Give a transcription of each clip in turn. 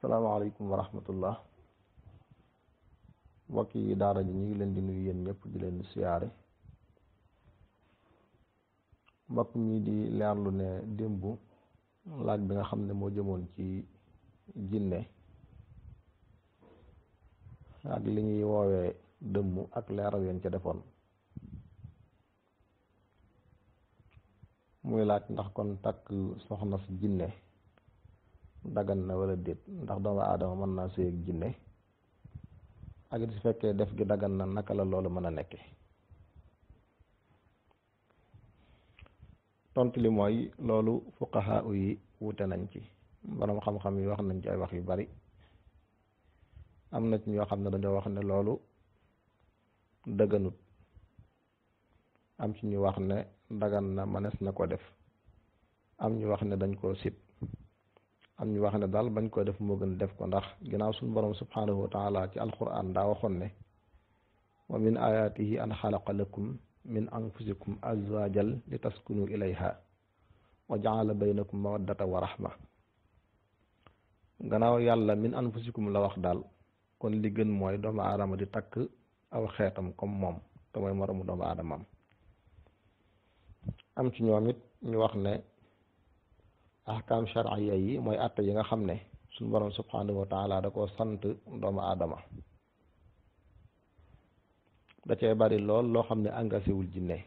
salaamaaleykum wa rahmatullah mbokk yi daara ji ñu ngi leen di nuyu yéen ñëpp di leen siyaare mbokk mi di leerlu ne démb laaj bi nga xam ne moo jëmoon ci jinne ak li ñuy woowee dëmm ak leeral yéen ca defoon muy laaj ndax kon takk soxna si jinne dagan na wala déet ndax doomu aadama mën naa sëy ak jinne ak it su fekkee def gi dagan na naka la loolu mën a nekke tontu li mooy loolu fuqahaa yi wute nañ ci borom xam-xam yi wax nañ ci ay wax yu bari am na ci ñoo xam ne dañoo wax ne loolu dëgganut am ci ñu wax ne dagan na mënees na ko def am ñu wax ne dañ koo sib am ñu wax ne daal bañ koy def moo gën def ko ndax ginnaaw suñu borom subhanahu wa ci alquran daa waxoon ne wa min ayatihi an xalaqa lakum min anfusikum azwaajal li taskunu ilayha wa jaala baynakum mawaddata wa rahma gannaaw yàlla min anfusikum la wax daal kon li gën mooy doomu aadama di takk aw xeetam comme moom te mooy moromu aadamaam am ci ñoom it ñu wax ne ahkaam charia yi mooy atte yi nga xam ne suñu borom subhanahu wa taala da koo sant doomu aadama da cee bari lool loo xam ne engagé wul jinne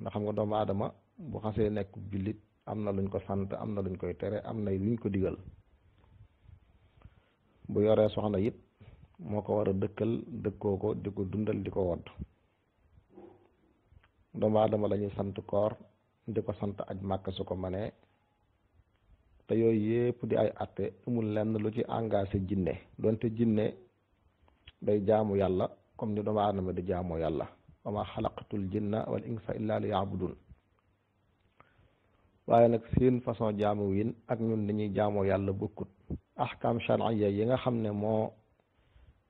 ndax xam nga doomu aadama bu xasee nekk jullit am na luñ ko sant am na luñ koy tere am na luñ ko digal bu yoree soxna it moo ko wara a dëkkal dëkkoo ko di ko dundal di ko wodd doomu aadama la sant koor di ko sant aj màkk su ko manee te yooyu yépp di ay atte amul lenn lu ci engagé jinne donte jinne day jaamu yàlla comme ni doomu aadama di jaamoo yàlla wa ma xalaqatul jinna wal insa illa li yaabudun waaye nag seen façon jaamu wiin ak ñun dañuy jaamoo yàlla bokkut ahkam shar'iyya yi nga xam ne moo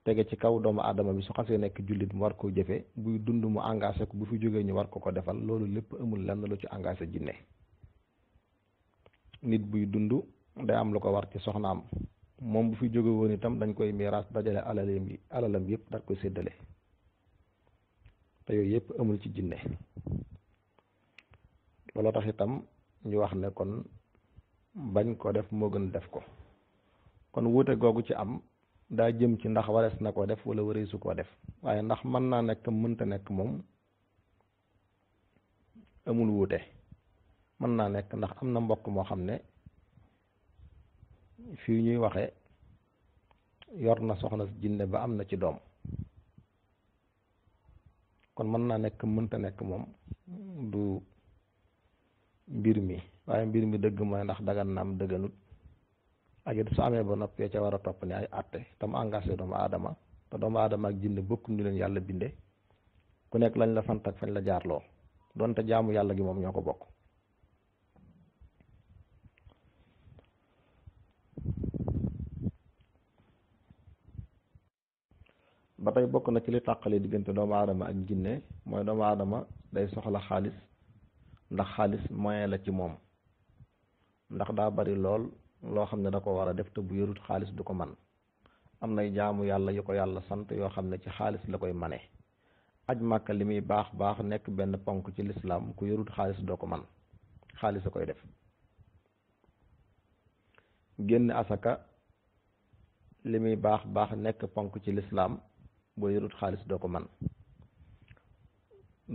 tege ci kaw doomu adama bi su xasee nekk jullit mu war koo jëfe buy dund mu engage ko bu fi jógee ñu war ko ko defal loolu lépp amul lenn lu ci engage jinne nit buy dund day am lu ko war ci soxnaam moom bu fi jóge itam dañ koy miiras dajale alalam yi alalam yëpp dañ koy séddale te yooyu yëpp amul ci jinne looloo tax itam ñu wax ne kon bañ koo def moo gën def ko kon wuute googu ci am daa jëm ci ndax warees na koo def wala wareesu koo def waaye ndax mën naa nekk mënta nekk moom amul wuute mën naa nekk ndax am na mbokk moo xam ne fii ñuy waxe yor na soxna jinne ba am na ci doom kon mën naa nekk mënta nekk moom du mbir mi waaye mbir mi dëgg mooy ndax dagan naam dëgganut ak sa su amee ba noppee ca war a topp ne ay àtte tam engagé doomu aadama te doomu aadama ak jinne bokkum ñu leen yàlla binde ku nekk lañ la sant ak fañ la jaarloo donte jaamu yàlla gi moom ñoo ko bokk ba tey bokk na ci li tàqale diggante doomu aadama ak jinne mooy doomu aadama day soxla xaalis ndax xaalis moyen la ci moom ndax daa bari lool loo xam ne da ko war a def te bu yorut xaalis du ko man am nay jaamu yàlla yu ko yàlla sant yoo xam ne ci xaalis la koy mane aj màkka li muy baax baax nekk benn ponk ci lislaam ku yorut xaalis doo ko man xaalis koy def génn asaka li muy baax baax nekk ponk ci lislaam boo yorut xaalis doo ko man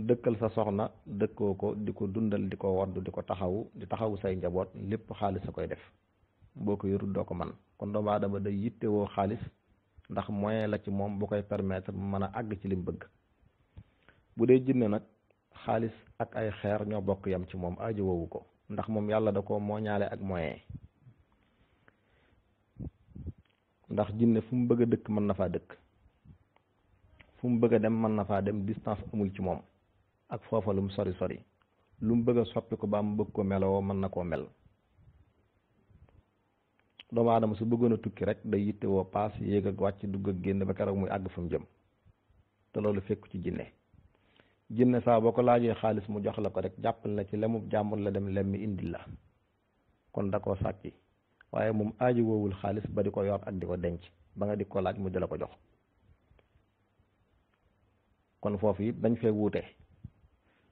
dëkkal sa soxna dëkkoo ko di ko dundal di ko wadd di ko taxawu di taxawu say njaboot lépp xaalis a koy def boo ko yorut doo ko man kon doomu aadama day yittewoo xaalis ndax moyen la ci moom bu koy permettre mën a àgg ci lim bëgg bu dee jinne nag xaalis ak ay xeer ñoo bokk yam ci moom aajo woowu ko ndax moom yàlla da ko moo ñaale ak moyen ndax jinne fu mu bëgg a dëkk mën na faa dëkk fu mu bëgg a dem mën na faa dem distance amul ci moom ak foofa lu mu sori sori lu mu bëgg a soppi ko ba mu bëgg ko meloo mën na koo mel doomu adama su bëggoon a tukki rek day yitte woo paas yéeg ak wàcc dugg ak génn ba keroog muy àgg fu mu jëm te loolu fekk ci jinne jinne saa boo ko laajee xaalis mu jox la ko rek jàppal na ci lemu jàmbur la dem lemmi indi la kon da koo sàcc waaye moom aaji woowul xaalis ba di ko yor ak di ko denc ba nga di ko laaj mu di la ko jox kon foofu it dañ fee wuute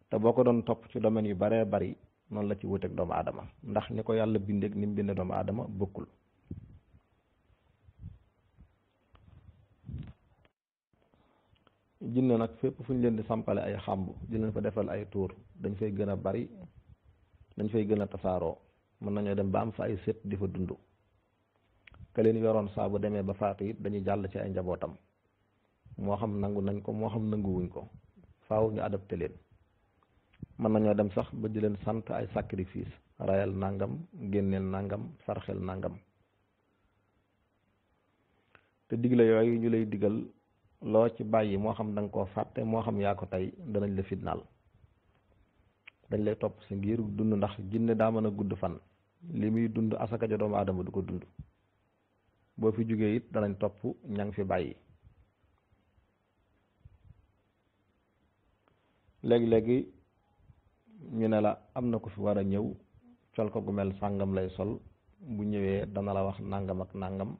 te boo ko doon topp ci domaine yu baree bari noonu la ci wuuteeg doomu aadama ndax ni ko yàlla bindeek ni mu bindee doomu aadama bokkul. jinne nag fépp fu ñu leen di sampale ay xàmb di leen fa defal ay tuur dañ fay gën a bari dañ fay gën a tasaaroo mën nañoo dem ba am fa ay sët di fa dund ka leen yoroon saa demee ba faatu it dañuy jàll ci ay njabootam mo xam nangu nañ ko mo xam wuñ ko faaw ñu adapté leen man nañu dem sax ba di leen sante ay sacrifice rayal nangam gennel nangam sarxel nangam te digle yoy ñu lay digal lo ci bayyi mo xam dang ko koo mo xam ya ko tay dañ la fitnal dañ lay top ci ngir dund ndax jinne da mëna gudd fan limi dund asaka ja doomu du ko dund bo fi it dañ topu ñang fi bayyi léegi-léegi ñu ne la am na ko fi war a ñëw col ko gu mel sàngam lay sol bu ñëwee dana la wax nangam ak nangam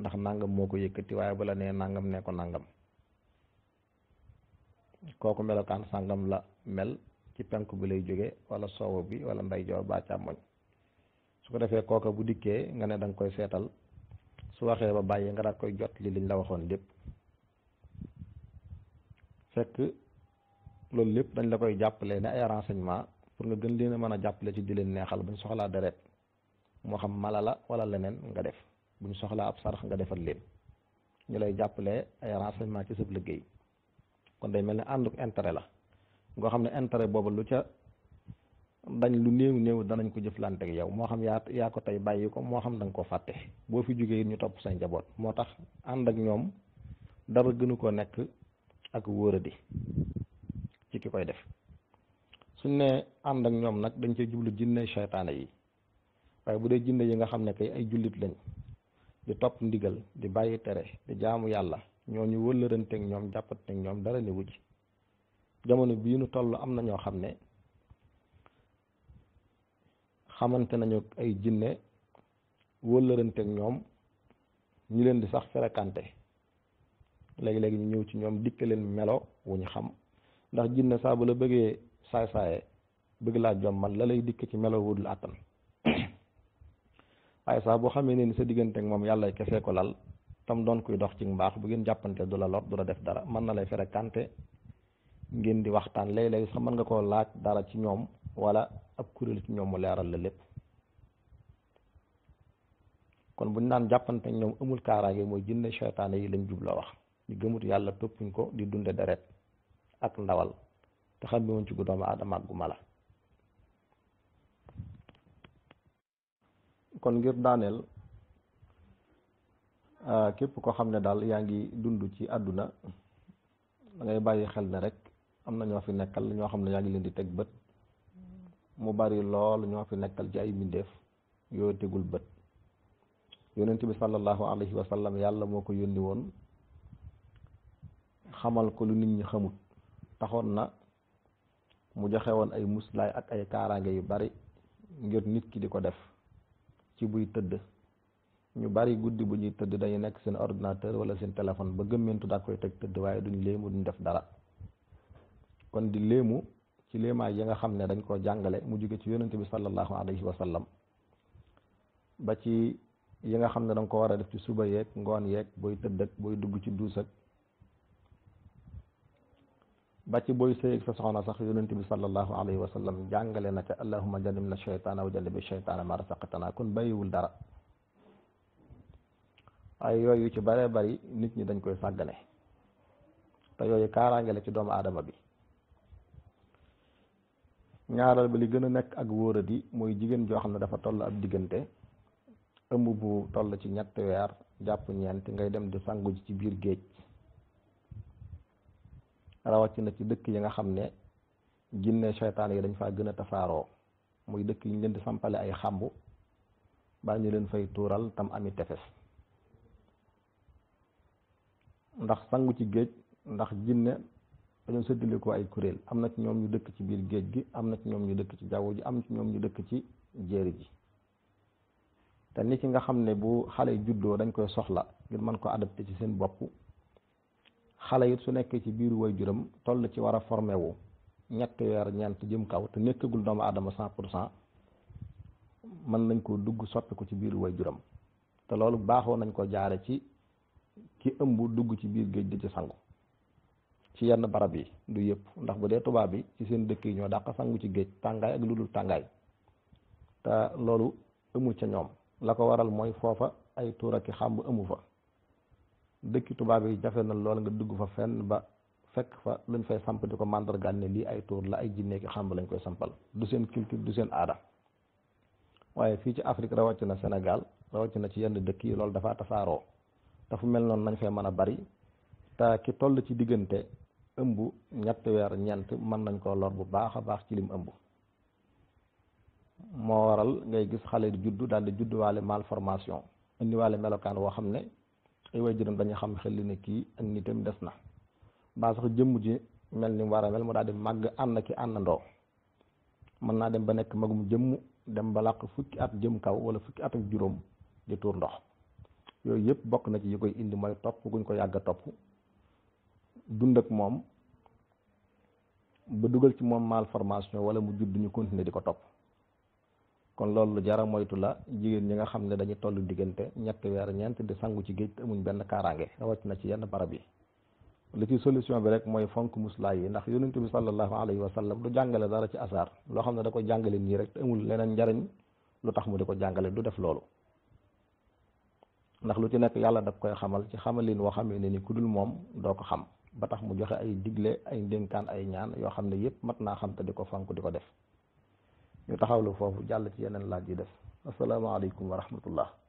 ndax nangam moo ko yëkkati waaye ba la nee nangam nee ko nangam kooku melokaan sàngam la mel ci penk bi lay jóge wala soowu bi wala ndeyjoor ba càmmoñ su ko defee kooka bu dikkee nga ne danga koy seetal su waxee ba bàyyi nga daal koy jot li liñ la waxoon lépp fekk loolu lépp dañ la koy jàppale ne ay renseignement pour nga gën leen a mën a jàppale ci di leen neexal buñ soxlaa deret moo xam mala la wala leneen nga def bu ñu soxlaa ab sarax nga defal leen ñu lay jàppale ay renseignement ci sab liggéey kon day mel ni ànduk intere la ngoo xam ne intérêt boobu lu ca dañ lu néew néew danañ ko jëf ak yow moo xam yaa yaa ko tey bàyyi ko moo xam da nga ko fàtte boo fi jógee ñu topp sa njaboot moo tax ànd ak ñoom dara gënu koo nekk ak wóoradi ki koy def suñ ne ànd ak ñoom nag dañ cee jublu jinne seytaane yi waaye bu dee jinne yi nga xam ne kay ay jullit lañ di topp ndigal di bàyyi tere di jaamu yàlla ñoo ñu wëllëranteeg ñoom jàppateeg ñoom dara ne wujj jamono bii nu toll am na ñoo xam ne xamante nañu ay jinne wëllëranteeg ñoom ñu leen di sax fréquenté léegi-léegi ñu ñëw ci ñoom dikke leen melo wu xam ndax jinne saa bu la bëggee saay saaye bëgg laa jommal la lay dikk ci melo wudul àttan waaye saa boo xamee ne ni sa diggante moom yàlla kese ko lal tam doon kuy dox ci mbaax bu ngeen jàppante du la lor def dara mën na lay fere kante ngeen di waxtaan léeg mën nga koo laaj dara ci ñoom wala ab kuréel ci ñoom mu leeral la lépp kon bu naan jàppante ak ñoom amul kaaraange mooy jinne seytaane yi lañ jub la wax ñu gëmut yàlla toppuñ ko di dunde deret ak ndawal te xamewuñ ci gu doomu aadama ak gu mala kon ngir daaneel képp ko xam ne daal yaa ngi dund ci àdduna da ngay bàyyi xel ne rek am na ñoo fi nekkal ñoo xam ne yaa ngi leen di teg bët mu bari lool ñoo fi nekkal ci ay mbindeef yoo tegul bët yonent bi sallallahu alayhi wa yàlla moo ko yónni woon xamal ko lu nit ñi xamut taxoon na mu joxe woon ay muslaay ak ay kaaraange yu bari ngir nit ki di ko def ci buy tëdd ñu bari guddi bu ñuy tëdd dañu nekk seen ordinateur wala seen téléphone ba gëmmentu daa koy teg tëdd waaye duñ léemu duñ def dara kon di léemu ci léemaay yi nga xam ne dañ koo jàngale mu jóge ci yonente bi sallallahu alayhi wa sallam ba ci yi nga xam ne danga ko war a def ci suba yeeg ngoon yeeg booy tëdd booy dugg ci duusak ba ci booy sëy ak sa soxna sax yonent bi sallallahu alayhi wa sallam jàngale na ca allahuma jannibna shaytaana wa jannibi shaytaana ma rasaqtana kon bàyyiwul dara waaye yooyu ci bare bari nit ñi dañ koy sàggane te yooyu kaaraange la ci doomu aadama bi ñaaral ba li gën a nekk ak wóoradi mooy jigéen joo xam ne dafa toll ab diggante ëmb bu toll ci ñetti weer jàpp ñeent ngay dem di sangu ji ci biir géej rawatina ci dëkk yi nga xam ne jinne seytaane yi dañ faa gën a tasaaroo muy dëkk yi ñu leen di sampale ay xàmbu baa ñu leen fay tuural tam ami tefes ndax sangu ci géej ndax jinne dañoo séddalikoo ay kuréel am na ci ñoom ñu dëkk ci biir géej gi am na ci ñoom ñu dëkk ci jaww ji am ci ñoom ñu dëkk ci jéeri ji te nit ki nga xam ne bu xale juddoo dañ koy soxla ngir mën ko adapté ci seen bopp xale it su nekkee ci biiru way juram toll ci wara formé wu ñett weer ñant jëm kaw te nekkul doom adama 100% man nañ dugg soppi ko ci biiru way juram te loolu baaxoo nañ ko jaare ci ki ëmbu dugg ci biir geej gi ci sangu ci yenn barab yi du yëpp ndax bu dee tubaab yi ci seen dëkk yi ñoo dàq sangu ci géej tàngaay ak lu dul tàngaay te loolu ëmu ca ñoom la ko waral mooy foofa ay tuuraki xàmb ëmu fa dekk tuba bi jafé na lool nga dugg fa fenn ba fekk fa luñ fay samp diko mandar gané li ay tour la ay ki xam lañ koy sampal du sen culture du sen ada waye fi ci Afrique rawatina Sénégal na ci yenn dekk yi lool dafa tasaaroo da fu mel non nañ fay mëna bari ta ki toll ci digënté ëmbu ñatt wër ñant man nañ ko lor bu baaxa baax ci lim ëmbu mo waral ngay gis xalé juddu dal di walé malformation indi walé melokan wo ne ay waajuram dañu xam xel li ne kii ak nitam des na baa sax jëmm ji mel ni mu war a mel mu daal di màgg ànd ki àndandoo mën naa dem ba nekk magum jëmm dem ba làq fukki at jëm kaw wala fukki at ak juróom di tuur ndox yooyu yëpp bokk na ci yi koy indi mooy topp guñ ko yàgg a topp dund ak moom ba dugal ci moom malformation wala mu judd ñu continuer di ko topp kon loolu lu jara moytu la jigéen ñi nga xam ne dañu toll diggante ñett weer ñeent di sangu ci géej te amuñ benn kaaraange rawat na ci yenn barab yi lu ci solution bi rek mooy fonk muslaay yi ndax yonent bi sallallahu alayhi wa sallam du jàngale dara ci asaar loo xam ne da ko jàngale rek te leneen njariñ lu tax mu di ko jàngale du def loolu ndax lu ci nekk yàlla daf koy xamal ci xamalin woo xamee ne ni ku dul moom doo ko xam ba tax mu joxe ay digle ay ndénkaan ay ñaan yoo xam ne yëpp mat naa xam te di ko fonk di ko def يتحاولوا فوفو جالتي ينن لا دف السلام عليكم ورحمة الله